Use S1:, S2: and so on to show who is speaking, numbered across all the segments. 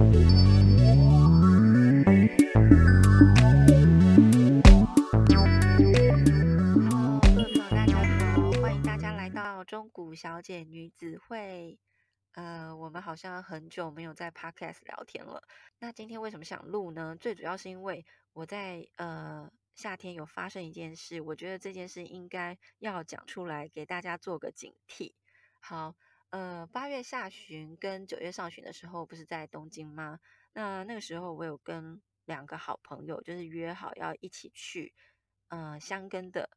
S1: 好，大家好，歡迎大家來到中古小姐女子會。呃，我們好像很久沒有在 Podcast 聊天了。那今天為什麼想錄呢？最主要是因為我在呃夏天有發生一件事，我覺得這件事應該要講出來給大家做個警惕。好。呃，八月下旬跟九月上旬的時候，不是在東京嗎？那那個時候我有跟兩個好朋友，就是約好要一起去，呃，箱根的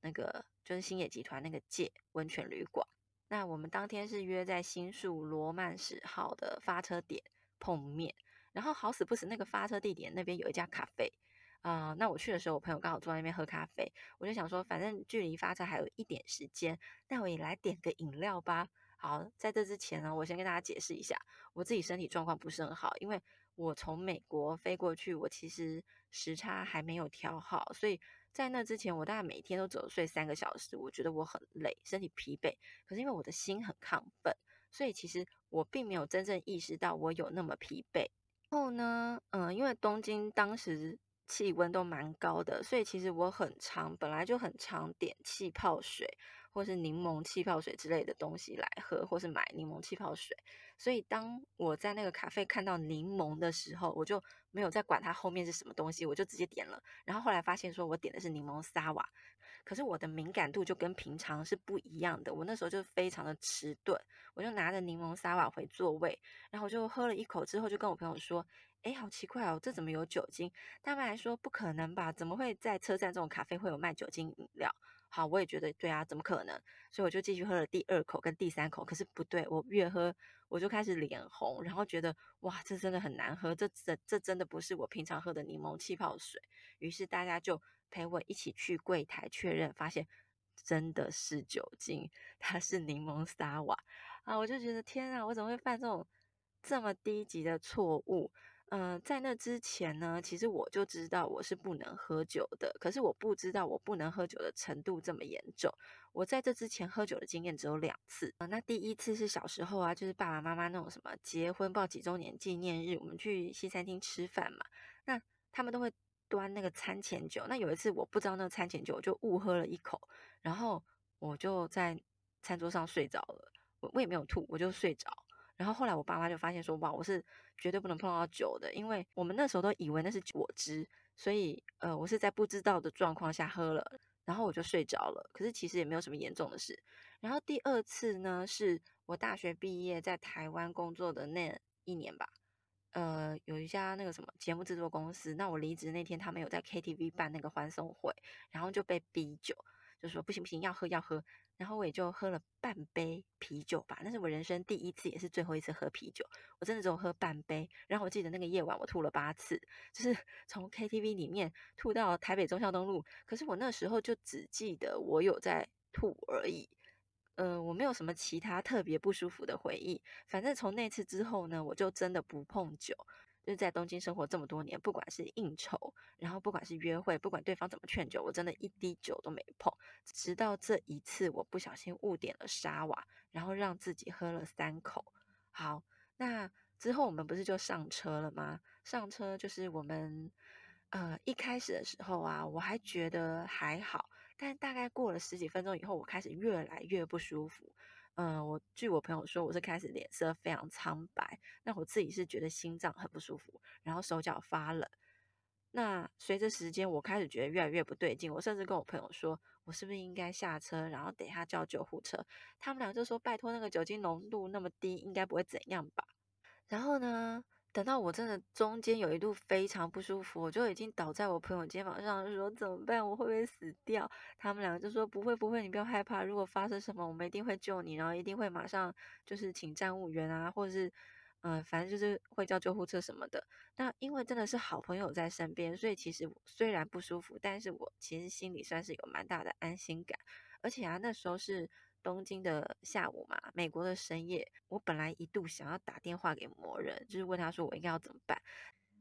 S1: 那個就是星野集團那個界溫泉旅館。那我們當天是約在新宿羅曼史號的發車點碰面，然後好死不死那個發車地點那邊有一家咖啡啊、呃。那我去的時候，我朋友剛好坐在那邊喝咖啡，我就想說，反正距離發車還有一點時間，那我也來點個飲料吧。好，在這之前呢，我先跟大家解釋一下，我自己身體狀況不是很好，因為我從美國飛過去，我其實時差還沒有調好，所以在那之前，我大概每天都只睡三個小時，我覺得我很累，身體疲憊。可是因為我的心很亢奮，所以其實我並沒有真正意識到我有那麼疲憊。然後呢，嗯，因為東京當時氣溫都蠻高的，所以其實我很常，本來就很常點氣泡水。或是檸檬氣泡水之類的東西來喝，或是買檸檬氣泡水。所以當我在那個咖啡看到檸檬的時候，我就沒有再管它後面是什麼東西，我就直接點了。然後後來發現說我點的是檸檬沙瓦，可是我的敏感度就跟平常是不一樣的，我那時候就非常的遲鈍。我就拿着檸檬沙瓦回座位，然後我就喝了一口之後，就跟我朋友說：“誒，好奇怪哦，這怎麼有酒精？”他們還說：“不可能吧？怎麼會在車站這種咖啡會有賣酒精飲料？”好，我也覺得對啊，怎麼可能？所以我就繼續喝了第二口跟第三口，可是不對，我越喝我就開始臉紅，然後覺得哇，這真的很難喝，這這這真的不是我平常喝的檸檬氣泡水。於是大家就陪我一起去櫃檯確認，發現真的是酒精，它是檸檬沙瓦啊！我就覺得天啊，我怎麼會犯這種這麼低級的錯誤？呃，在那之前呢，其實我就知道我是不能喝酒的，可是我不知道我不能喝酒的程度這麼嚴重。我在這之前喝酒的經驗只有兩次啊，呃。那第一次是小時候啊，就是爸爸媽媽那種什麼結婚報幾周年紀念日，我們去西餐廳吃飯嘛，那他們都會端那個餐前酒。那有一次我不知道那個餐前酒，我就誤喝了一口，然後我就在餐桌上睡着了。我，我也沒有吐，我就睡着。然後後來我爸媽就發現說，哇，我是絕對不能碰到酒的，因為我們那時候都以為那是果汁，所以呃，我是在不知道的狀況下喝了，然後我就睡着了。可是其實也沒有什麼嚴重的事。然後第二次呢，是我大學畢業在台灣工作的那一年吧，呃，有一家那個什麼節目制作公司，那我離職那天，他們有在 KTV 辦那個歡送會，然後就被逼酒，就說不行不行，要喝要喝。然後我也就喝了半杯啤酒吧，那是我人生第一次，也是最後一次喝啤酒。我真的只有喝半杯。然後我記得那個夜晚，我吐了八次，就是從 KTV 裡面吐到台北忠孝東路。可是我那時候就只記得我有在吐而已，嗯、呃，我沒有什麼其他特別不舒服的回憶。反正從那次之後呢，我就真的不碰酒。就是在東京生活這麼多年，不管是應酬，然後不管是約會，不管對方怎麼勸酒，我真的一滴酒都沒碰。直到這一次，我不小心誤點了沙瓦，然後讓自己喝了三口。好，那之後我們不是就上車了嗎？上車就是我們，呃，一開始的時候啊，我還覺得還好，但大概過了十幾分鐘以後，我開始越來越不舒服。嗯，我據我朋友說，我是開始臉色非常蒼白，那我自己是覺得心臟很不舒服，然後手腳發冷。那隨着時間，我開始覺得越來越不對勁，我甚至跟我朋友說，我是不是應該下車，然後等一下叫救護車？他們倆就說，拜托，那個酒精濃度那麼低，應該不會怎樣吧。然後呢？等到我真的中間有一度非常不舒服，我就已經倒在我朋友肩膀上，說，怎麼辦？我會不會死掉？他們兩個就說，不會不會，你不要害怕。如果發生什麼，我們一定會救你，然後一定會馬上就是請站務員啊，或者是嗯、呃，反正就是會叫救護車什麼的。那因為真的是好朋友在身邊，所以其實雖然不舒服，但是我其實心裡算是有蠻大的安心感。而且啊，那時候是。東京的下午嘛，美國的深夜，我本來一度想要打電話給某人，就是問他說我應該要怎麼辦。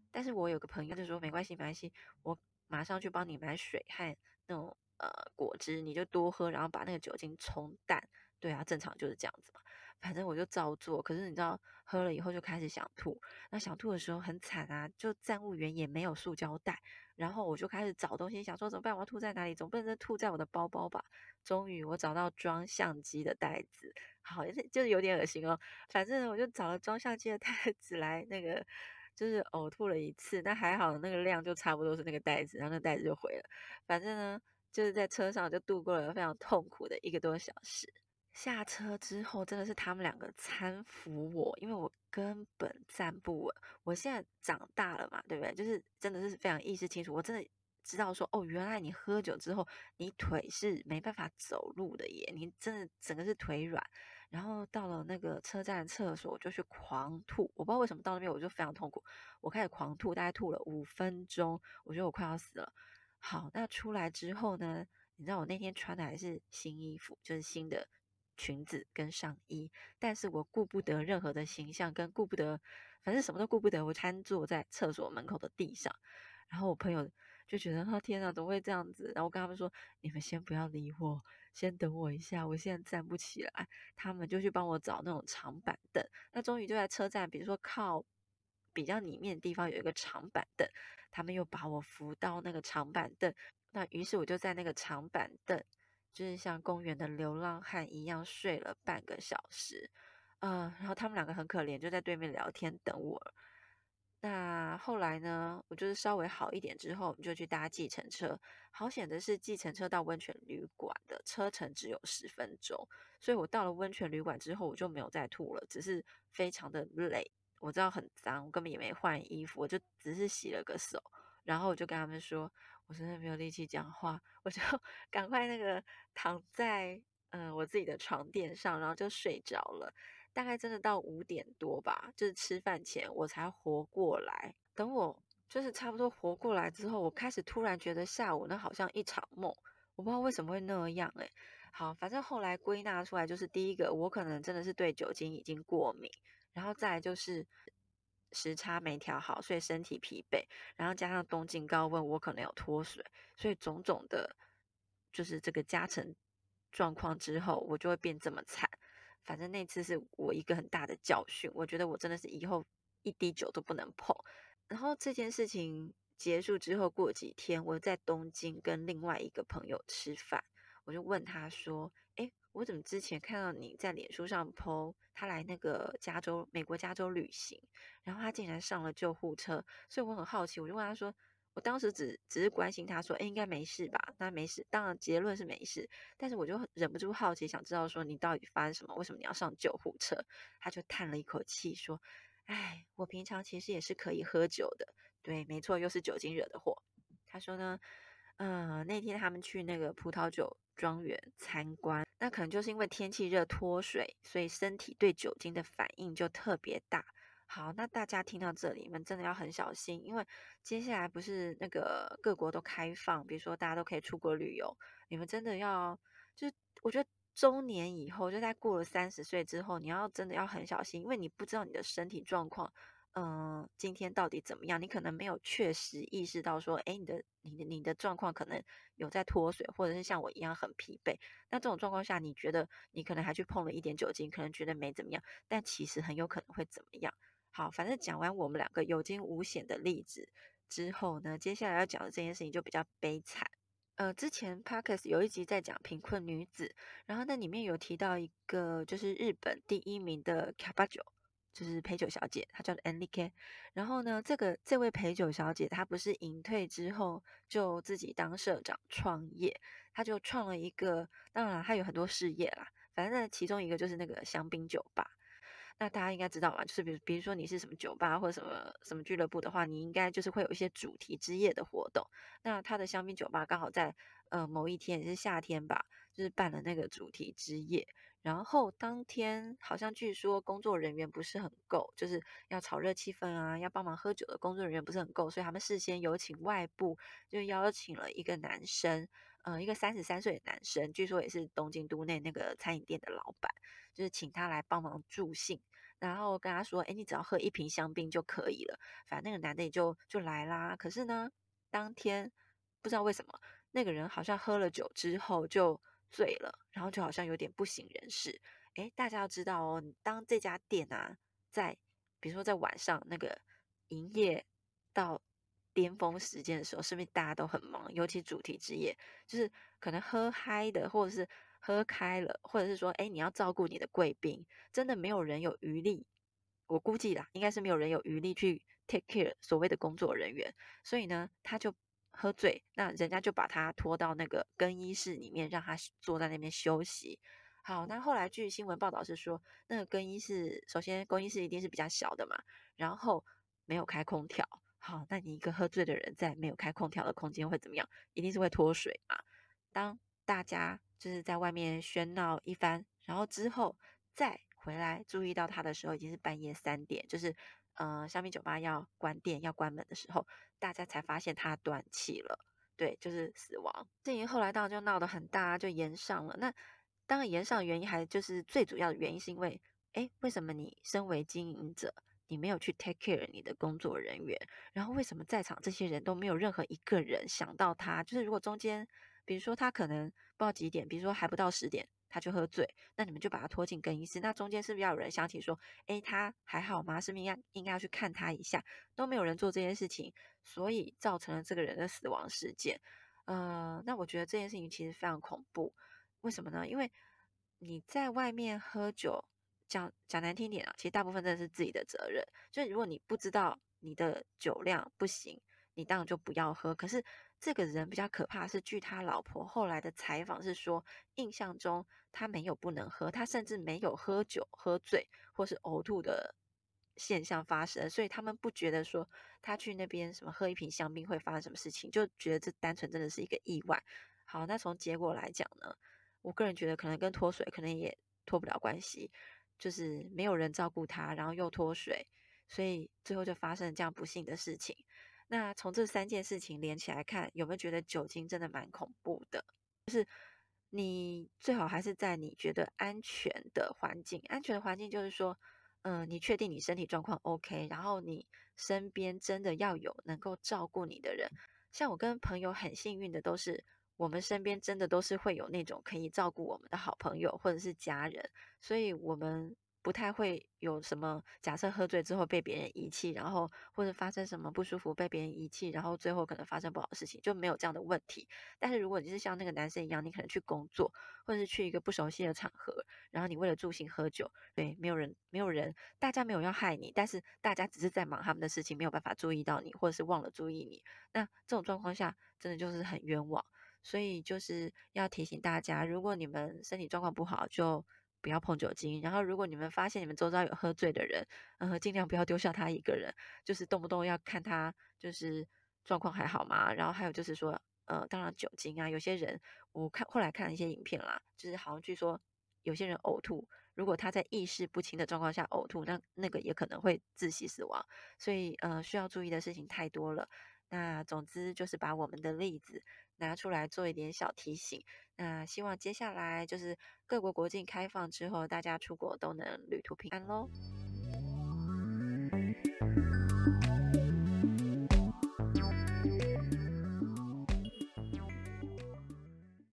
S1: 但是我有個朋友就說沒關係沒關係，我馬上去幫你買水和那種呃，果汁，你就多喝，然後把那個酒精沖淡。對啊，正常就是這樣子嘛。反正我就照做，可是你知道，喝了以後就開始想吐。那想吐的時候很慘啊，就站務員也沒有塑膠袋，然後我就開始找東西，想說怎麼辦？我要吐在哪裡？總不能吐在我的包包吧？終於我找到裝相機的袋子，好，就是有點噁心哦。反正我就找了裝相機的袋子來，那個就是嘔吐了一次，但還好，那個量就差不多是那個袋子，然後那袋子就毀了。反正呢，就是在車上就度過了非常痛苦的一個多小時。下車之後，真的是他們兩個攙扶我，因為我根本站不穩。我現在長大了嘛，對不對？就是真的是非常意識清楚，我真的知道說，哦，原來你喝酒之後，你腿是沒辦法走路的耶，你真的整個是腿軟。然後到了那個車站廁所，我就去狂吐。我不知道為什麼到那邊我就非常痛苦，我開始狂吐，大概吐了五分鐘，我覺得我快要死了。好，那出來之後呢，你知道我那天穿的還是新衣服，就是新的。裙子跟上衣，但是我顧不得任何的形象，跟顧不得，反正什麼都顧不得，我癱坐在廁所門口的地上。然後我朋友就覺得，哦天哪，怎麼會這樣子？然後我跟他們說，你們先不要理我，先等我一下，我現在站不起來。他們就去幫我找那種長板凳。那終於就在車站，比如說靠比較裡面的地方有一個長板凳，他們又把我扶到那個長板凳。那於是我就在那個長板凳。就是像公園的流浪漢一樣睡了半個小時，嗯、呃，然後他們兩個很可憐，就在對面聊天等我。那後來呢，我就是稍微好一點之後，我們就去搭計程車。好險的是，計程車到溫泉旅館的車程只有十分鐘，所以我到了溫泉旅館之後，我就沒有再吐了，只是非常的累。我知道很髒，我根本也沒換衣服，我就只是洗了個手。然後我就跟他們說，我真的沒有力氣講話，我就趕快那個躺在嗯、呃、我自己的床墊上，然後就睡着了。大概真的到五點多吧，就是吃飯前我才活過來。等我就是差不多活過來之後，我開始突然覺得下午那好像一場夢，我不知道為什麼會那樣誒、欸，好，反正後來歸納出來就是第一個，我可能真的是對酒精已經過敏，然後再就是。時差沒調好，所以身體疲憊，然後加上東京高溫，我可能有脫水，所以種種的，就是這個加乘狀況之後，我就會變這麼慘。反正那次是我一個很大的教訓，我覺得我真的是以後一滴酒都不能碰。然後這件事情結束之後，過幾天我在東京跟另外一個朋友吃飯，我就問他說。誒、欸，我怎麼之前看到你在臉書上 PO 他來那個加州，美國加州旅行，然後他竟然上了救護車，所以我很好奇，我就問他說，我當時只只是關心他說，哎、欸，應該沒事吧？那沒事，當然結論是沒事，但是我就忍不住好奇，想知道說你到底發生什麼，為什麼你要上救護車？他就嘆了一口氣說，哎，我平常其實也是可以喝酒的，對，沒錯，又是酒精惹的禍。他說呢，嗯、呃，那天他們去那個葡萄酒。莊園參觀，那可能就是因為天氣熱脫水，所以身體對酒精的反應就特別大。好，那大家聽到這裡，你們真的要很小心，因為接下來不是那個各國都開放，比如說大家都可以出國旅遊，你們真的要，就是我覺得中年以後，就在過了三十歲之後，你要真的要很小心，因為你不知道你的身體狀況。嗯，今天到底怎麼樣？你可能沒有確實意識到說，哎，你的、你的、你的狀況可能有在脫水，或者是像我一樣很疲憊。那這種狀況下，你覺得你可能還去碰了一點酒精，可能覺得沒怎麼樣，但其實很有可能會怎麼樣？好，反正講完我們兩個有驚無險的例子之後呢，接下來要講的這件事情就比較悲慘。呃，之前 podcast 有一集在講貧困女子，然後那裡面有提到一個就是日本第一名的卡巴酒。就是陪酒小姐，她叫 Anika。然後呢，這個這位陪酒小姐，她不是隱退之後就自己當社長創業，她就創了一個。當然了，她有很多事業啦，反正那其中一個就是那個香檳酒吧。那大家應該知道吧？就是比如比如說你是什麼酒吧或者什麼什麼俱樂部的話，你應該就是會有一些主題之夜的活動。那她的香檳酒吧剛好在呃某一天也是夏天吧，就是辦了那個主題之夜。然後當天好像據說工作人員不是很夠，就是要炒熱氣氛啊，要幫忙喝酒的工作人員不是很夠，所以他們事先有請外部，就邀請了一個男生，嗯、呃，一個三十三歲的男生，據說也是東京都內那個餐飲店的老闆，就是請他來幫忙助興，然後跟他說，誒，你只要喝一瓶香檳就可以了，反正那個男的也就就來啦。可是呢，當天不知道為什麼那個人好像喝了酒之後就。醉了，然後就好像有點不省人事。誒，大家要知道哦，當這家店啊在，比如說在晚上那個營業到巔峰時間的時候，是不是大家都很忙，尤其主題之夜，就是可能喝嗨的，或者是喝開了，或者是說，哎，你要照顧你的貴賓，真的沒有人有餘力。我估計啦，應該是沒有人有餘力去 take care 所謂的工作人員，所以呢，他就。喝醉，那人家就把他拖到那個更衣室裡面，讓他坐在那邊休息。好，那後來據新聞報道是說，那個更衣室首先更衣室一定是比較小的嘛，然後沒有開空調。好，那你一個喝醉的人在沒有開空調的空間會怎麼樣？一定是會脫水啊。當大家就是在外面喧鬧一番，然後之後再回來注意到他的時候，已經是半夜三點，就是。嗯、呃，小米酒吧要關店、要關門的時候，大家才發現他斷氣了。對，就是死亡。這一後來當然就鬧得很大，就炎上了。那當然炎上的原因還就是最主要的原因是因為，誒，為什麼你身為經營者，你沒有去 take care 你的工作人員？然後為什麼在場這些人都沒有任何一個人想到他？就是如果中間比如說他可能不知道幾點，比如說還不到十點，他就喝醉，那你們就把他拖進更衣室。那中間是不是要有人想起說，誒，他還好嗎？是不是應該應該要去看他一下，都沒有人做這件事情，所以造成了這個人的死亡事件。呃，那我覺得這件事情其實非常恐怖。為什麼呢？因為你在外面喝酒，講講難聽點啊，其實大部分真的是自己的責任。所以如果你不知道你的酒量不行，你當然就不要喝。可是。這個人比較可怕是，據他老婆後來的採訪是說，印象中他沒有不能喝，他甚至沒有喝酒喝醉或是嘔吐的現象發生，所以他們不覺得說他去那邊什麼喝一瓶香檳會發生什麼事情，就覺得這單純真的是一個意外。好，那從結果來講呢，我個人覺得可能跟脫水可能也脫不了關係，就是沒有人照顧他，然後又脫水，所以最後就發生這樣不幸的事情。那從這三件事情連起來看，有沒有覺得酒精真的蠻恐怖的？就是你最好還是在你覺得安全的環境，安全的環境就是說，嗯、呃，你確定你身體狀況 OK，然後你身邊真的要有能夠照顧你的人。像我跟朋友很幸運的都是，我們身邊真的都是會有那種可以照顧我們的好朋友或者是家人，所以我們不太會有什麼假設，喝醉之後被別人遺棄，然後或者發生什麼不舒服，被別人遺棄，然後最後可能發生不好的事情，就沒有這樣的問題。但是如果你是像那個男生一樣，你可能去工作，或者是去一個不熟悉的場合，然後你為了助興喝酒，對，沒有人，沒有人，大家沒有要害你，但是大家只是在忙他們的事情，沒有辦法注意到你，或者是忘了注意你。那這種狀況下，真的就是很冤枉。所以就是要提醒大家，如果你們身體狀況不好，就。不要碰酒精。然後，如果你們發現你們周遭有喝醉的人，嗯、呃，盡量不要丟下他一個人，就是動不動要看他，就是狀況還好嗎？然後還有就是說，呃，當然酒精啊，有些人我看後來看了一些影片啦，就是好像據說有些人嘔吐，如果他在意識不清的狀況下嘔吐，那那個也可能會窒息死亡。所以，呃，需要注意的事情太多了。那總之就是把我們的例子拿出來做一點小提醒。那、呃、希望接下來就是各國國境開放之後，大家出國都能旅途平安嘍。